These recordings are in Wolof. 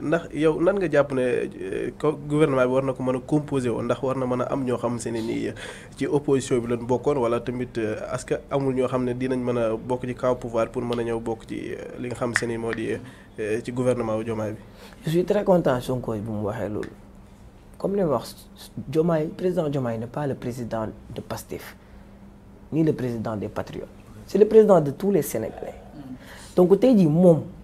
ndax yow nan nga jàpp ne euh, gouvernement bi war na ko mën a composé woon ndax war na mën a am ñoo xam se ni ci opposition bi lañ bokkoon wala tamit euh, est-ce que amul ñoo xam ne dinañ mën a bokk ci kaw pouvoir pour mën a ñëw bokk ci euh, li nga xam se ni moo di ci gouvernement wu Diomaye bi. je suis très content Sonko bu mu waxee loolu comme li wax Diomaye président Diomaye n'est pas le président de pastif ni le président des patriotes c'est le président de tous les Sénégalais mm. donc tey jii moom.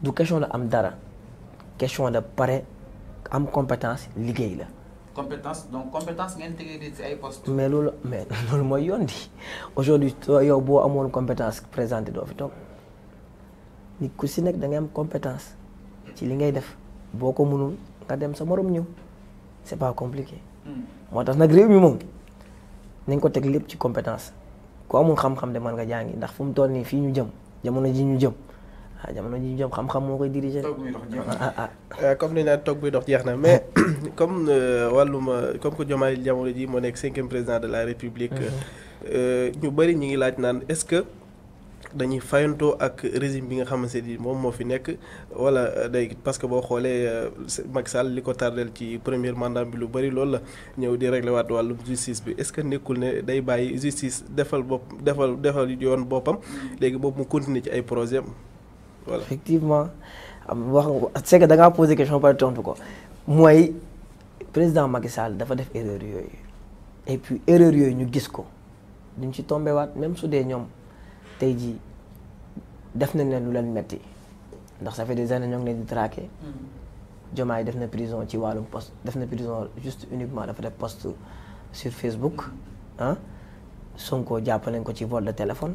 du question la am dara question de paré am compétence liggéey la. compétence donc compétence ngeen intégrer ci ay poste mais loolu mais loolu moy yondi aujourd'hui toi yow bo amone compétence présenté do fi toog ni ku si nekk da ngay am compétence ci li ngay def boko mënul nga dem sa morom ñëw c'est pas compliqué. Hmm. moo tax nag réew mi mom nañ ko tek lepp ci compétence ko amul xam-xam de man nga jangi ndax fu mu toll nii fii ñu jëm jamono ji ñu jëm ah jamono ji jom xam-xam moo koy diriger. Ah, ah. Euh, comme ni na tok bi dox jeex na mais comme euh, wàllum euh, comme que Diomaye jamono ji nek 5e président de la république. Mhm. ñu bari ñi ngi laaj nan est-ce que. dañuy fayantoo ak régime bi nga xamante ni mom mo fi nek wala day parce que bo xolé Macky Sall liko tardel ci premier mandat bi lu bari loolu la ñëw di régler waat wàllum justice bi est-ce que nekul ne day bàyyi justice defal bop defal defal yoon bopam mhm. léegi bop mu continuer ci ay projet voilà effectivement wax c'est que da poser posé question par tontu ko mooy président Macky Sall dafa def erreur et puis erreur nous ñu gis ko duñ ci waat même su des noms tey dit def nous leen lu donc metti ndax ça fait des années nous ngi leen di traqué. Diomaye mm. def na prison ci wàllum poste def na prison juste uniquement dafa def poste sur Facebook hein Sonko jàpp nañ ko ci vol de téléphone.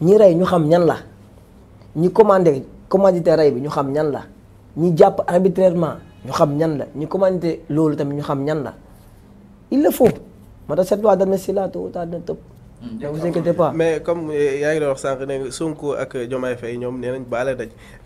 ñi ray ñu xam ñan la ñi commandé commandité ray bi ñu xam ñan la ñi japp arbitrairement ñu xam ñan la ñi commandité loolu tamit ñu xam ñan la il le faut moo tax cette loi d'amnistie là tôt ou tard dina tëb. Hmm. ne vous inquiétez pas mais comme eh, yaa ngi wax sank ne Sonko ak jomay fay ñom nee nañ baale daj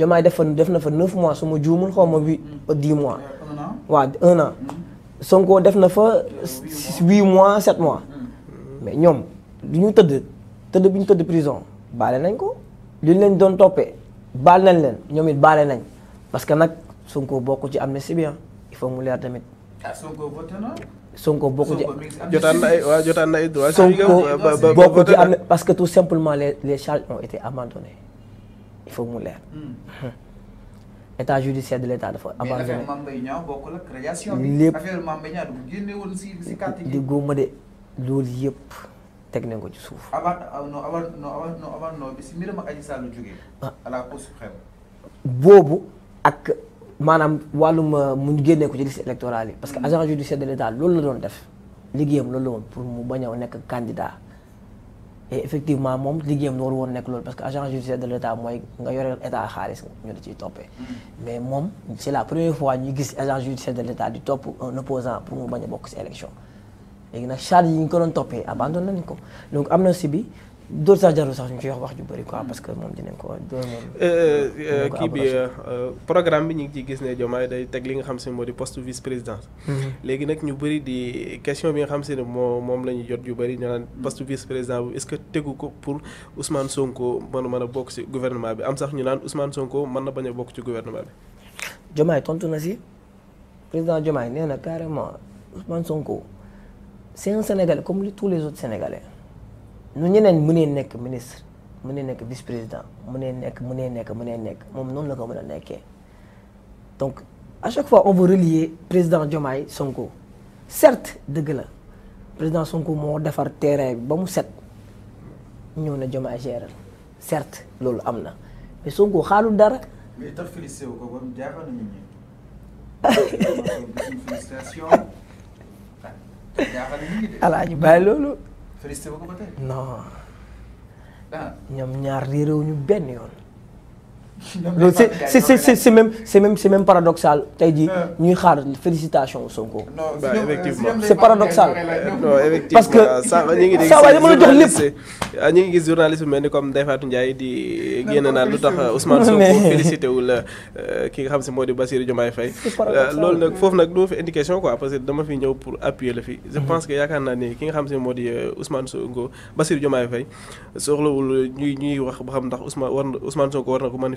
Diomaye def fa def na fa 9 mois su ma juumul xaw ma 8 10 mois. waaw 1 an. Sonko def na fa 8 mois 7 mois. mais ñoom du ñu tëdd tëdd bu ñu tëdd prison baale nañ ko. li ñu leen doon toppee baal nañ leen ñoom it baale nañ parce que nag Sonko bokk ci amnistie bi ah. il faut mu leer tamit. ah Sonko voté na. Sonko bokk ci jotaan na ay waaw jotaan na ay Sonko bokk ci am parce que tout simplement les les charges ont été abandonnées. il mu leer. Hmm. état judiciaire de l' état dafa avancé. mais affaire Mame lépp affaire Mame de loolu yëpp teg ko ci suuf. avant euh, non avant non si mbiram ak ah. boobu ak maanaam wàllum euh, mu génne ko ci liste électorale yi. parce que hmm. agent judiciaire de l' loolu la doon def. liggéeyam loolu la woon pour mu bañ a nekk candidat. et effectivement mom liggéeyam loolu won nek loolu parce que agent judiciaire de l' moy nga yorel état xaalis ñu la topé mm-hmm. mais mom c'est la première fois ñu gis agent judiciaire de l'état état di topp un opposant pour mu baña bok ci élection léegi nak charge yi ñu ko doon topé abandonné nañ ko donc amna sibi dóor sax jarul sax ñu ci wax wax ju bëri ko parce que moom dinañ ko dóor moom. Euh, euh, euh, programme bi ñu ngi ciy gis ne Diomaye day teg li nga xam si moo di poste vice président. Mhm. léegi nag ñu bëri di question bi nga xam si ne moo moom la ñu jot yu bëri ñu naan poste vice président bi est ce que tegu ko pour Ousmane Sonko mën mën a bokk ci gouvernement bi am sax ñu naan Ousmane Sonko mën na bañ a bokk ci gouvernement bi. Diomaye tontu na si président Diomaye nee na carrément Ousmane Sonko c'est un Sénégalais comme tous les autres Nous sommes tous ministre vice président donc à chaque fois on veut relier président Diomaye Sonko certes de le président Sonko fait terrain set na certes loolu Amna. mais Sonko xaalul dara. mais félicité félicité nga ko ba tey. non. Ah. ñoom ñaar réeréwuñu benn yoon. c'est c'est c'est même c'est même c'est même paradoxal tey jii euh. ñuy xaar félicitation Sonko. Bah, euh, effectivement c'est paradoxal. non effectivement parce que ça, waay dama la jox lépp. Ah, ñu ngi gis journaliste mais comme Ndeye Ndiaye di génn naa lu Ousmane Sonko félicité wul euh, ki nga xam ci moo di Bassirou Diomaye Faye. Lool nak fofu nak do fi indication quoi parce que dama fi ñëw pour appuyer le fi. je mm-hmm. pense que yaakaar naa ni ki nga xam ci moo Ousmane Sonko Bassirou Diomaye Faye soxlawul ñuy ñuy wax ba xam ndax Ousmane Ousmane Sonko war na ko mën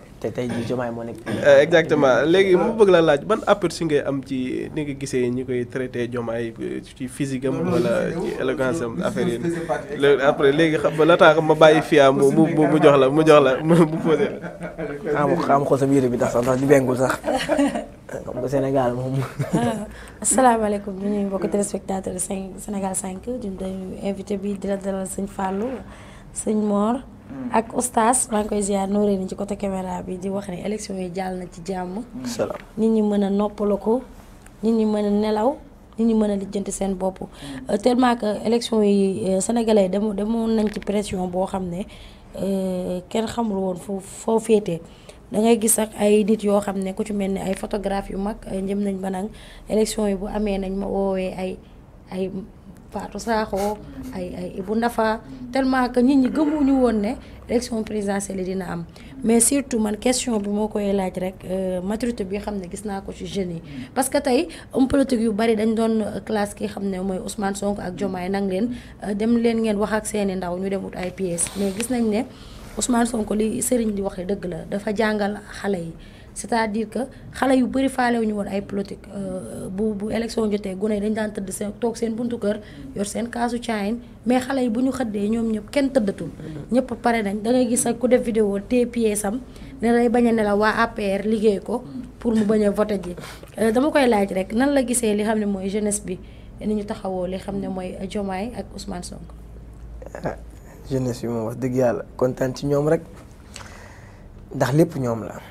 te tey jii Diomaye moo nekk. Eh, exactement léegi mu bëgg la laaj ban aperçu ngay am ci ni nga gisee ñi koy traité Diomaye ci physique am wala ci élégance am affaire yi léegi après léegi xam nga la tax ma bàyyi fia mu jox la mu jox la mu posé la. yére ah, ah, bi ndax sax ndax di bengul sax xam nga Sénégal moom. Ah, asalaamaaleykum ñu ngi mbokki téléspectateur Sénégal 5 di nuyu invité bi di la dalal sëñ Fallou sëñ Mor. Mm. ak oustaz maa ngi koy ni ci côté caméra bi di wax ne élection yi jàll na ci jàmm. Mm. nit ñi mën a noppaloo ko nit ñi mën a nelaw nit ñi mën a lijjanti seen bopp. Mm. Euh, tellement que élection yi euh, sénégalais dem demoon nañ ci pression boo xam ne euh, kenn xamul woon foo foo féetee. da gis sax ay nit yoo xam ne ku ci mel ni ay photographe yu mag jëm nañ ba nag élection yi bu amee nañ ma woowee ay ay. Fatou Sakho ay ay Ibou Ndafa tellement que nit ñi gëmuñu woon ne élection présidentielle dina am mais surtout man question bi moo koy laaj rek euh, maturité bi xam ne gis naa ko ci jeunes yi. parce que tey homme yu bari dañ doon euh, classe ki xam ne mooy Ousmane sonk ak Diomaye nang leen euh, dem leen ngeen wax ak seeni ndaw ñu dem ut ay pièces mais gis nañ ne Ousmane Sonko li Serigne di waxee dëgg la dafa jàngal xale yi. c'est-à-dire que xale yu bëri faale wu ñu woon ay politique euh, bu bu élection jotee gone yi dañ daan tëdd seen toog seen buntu kër yor seen kaasu caayin mais xale yi bu ñu xëddee ñoom ñëpp kenn tëddatul. ñëpp pare nañ da gis ak ku def vidéo te pièce am ne lay bañ a ne waa APR liggéey ko pour mu bañ a voté ji euh, dama koy laaj rek nan la gisee li xam ne mooy jeunesse bi ni ñu taxawoo li xam ne mooy Diomaye ak Ousmane Sonko. Ah, jeunesse bi moom wax dëgg yàlla kontaan ci ñoom rek ndax lépp ñoom la.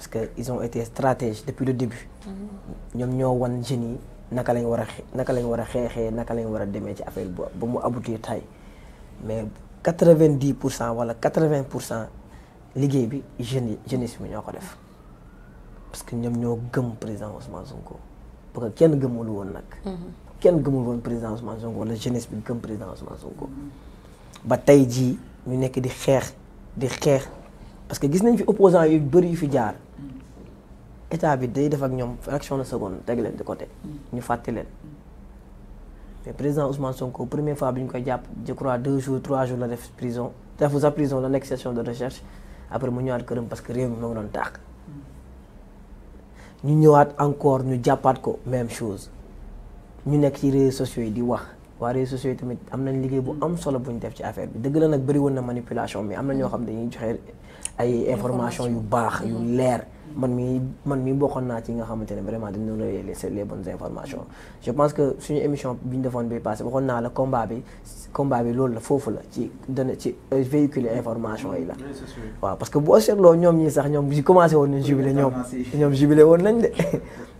parce que ils ont été stratèges depuis le début. ñoom ñoo wan génie naka lañ war a xe naka lañ war a xeexee naka lañ ci affaire bi mu aboutir tay mais 90% wala 80% vingt bi jeunes jeunesse ko def parce que ñom ñoo gëm président Ousmane Sonko parce que kenn gëmul won nak kenn gëmul won président Ousmane Sonko wala jeunesse bi gëm président Ousmane Sonko ba tay ji ñu nekk di xeex di xeex parce que gis nañ fi opposant yu bëri fi jaar état bi day def ak fraction de seconde de côté. ñu mais président Ousmane Sonko première fois bi ñu koy jàpp je crois deux jours trois jours la prison sa prison la nekk session de recherche après mu ñëwaat këram parce que réew mi moo doon taax. ñu ñëwaat encore ñu jàppaat ko même chose ñu nekk ci réseaux sociaux yi di wax réseaux sociaux yi tamit am liggéey bu am solo bu ñu def ci affaire bi manipulation mais am na ñoo xam dañuy joxe ay information yu leer man mi man mi bokkoon naa ci nga xamante ne vraiment dañu de les les bonnes informations je pense que suñu émission bi ñu defoon bi passé waxoon naa la combat bi combat bi loolu la foofu la ci dana ci euh, véhiculer information yi la waaw parce que boo seetloo ñoom ñii sax ñoom si commencé woon nañ jubilé ñoom ñoom jubilé woon nañ de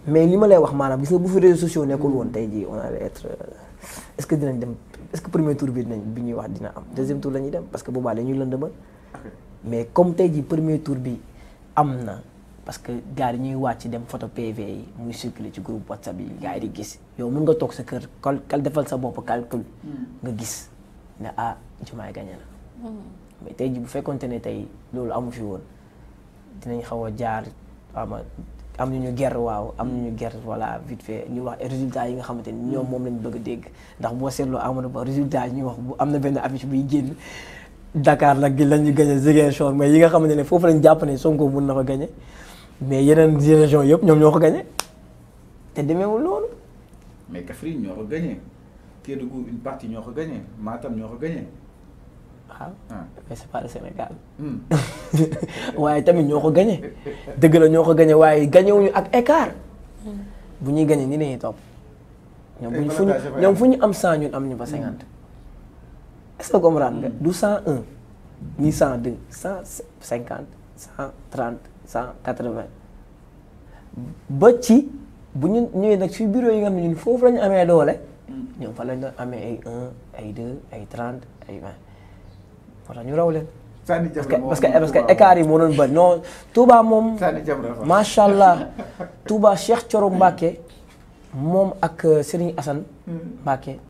mais li ma lay wax maanaam gis nga bu fi réseaux sociaux nekkul woon tey jii on allait être euh, est-ce que dinañ dem est-ce que premier tour bi dinañ bi ñuy wax dina am deuxième tour la ñuy dem parce que boobaa dañuy lëndëmal mais comme tey jii premier tour bi am na parce que gars yi ñuy ci dem photo PV yi muy circuler ci groupe WhatsApp yi gars yi di gis yow mën nga toog sa kër kal defal sa bopp calcul. Hmm. nga gis ne ah jumaay gañe na. Hmm. mais tey ji bu fekkonte ne tey loolu amu fi woon dinañ xaw a jaar ama am nañu guerre waaw am hmm. nañu guerre voilà vite fait ñu wax résultat yi nga xamante ni ñoom moom lañ bëgg dégg ndax boo seetloo Amadou Ba résultat yi ñuy wax bu am na benn affiche buy génn Dakar nag gi la ñu gañe Ziguinchor mais yi nga xamante ne foofu lañ jàpp ne Sonko mun na ko gañe mais yeneen région yëpp ñoom ñoo ko gagné te demeewul loolu. mais Kaffrine ñoo ko gagné Kédougou une partie ñoo ko gagné Matam ñoo ko gagné. waaw ah. mais Sénégal. Hmm. waaye tamit ñoo ko gagné dëgg la ñoo ko gagné waaye gagné ak écart. Hmm. bu ñuy gagné ni dañuy topp. ñoom bu ñu eh, fu ñu fu ñu am 100 ñun am ñu fa 50. Hmm. est-ce que comprendre nga du 101 ni 102 150. cent trente cent quatre vingt ba ci bu ñu ñëwee nag suñu bureau yi nga xam ne ñun foofu la ñu amee doole. ñoom fa la ñu amee ay un ay deux ay trente ay vingt moo tax ñu raw leen. parce que parce que parce que écart yi moo doon bëri non Touba moom. macha allah Touba Cheikh Thioro Mbacke moom ak euh, Serigne Assane hmm. Mbacke.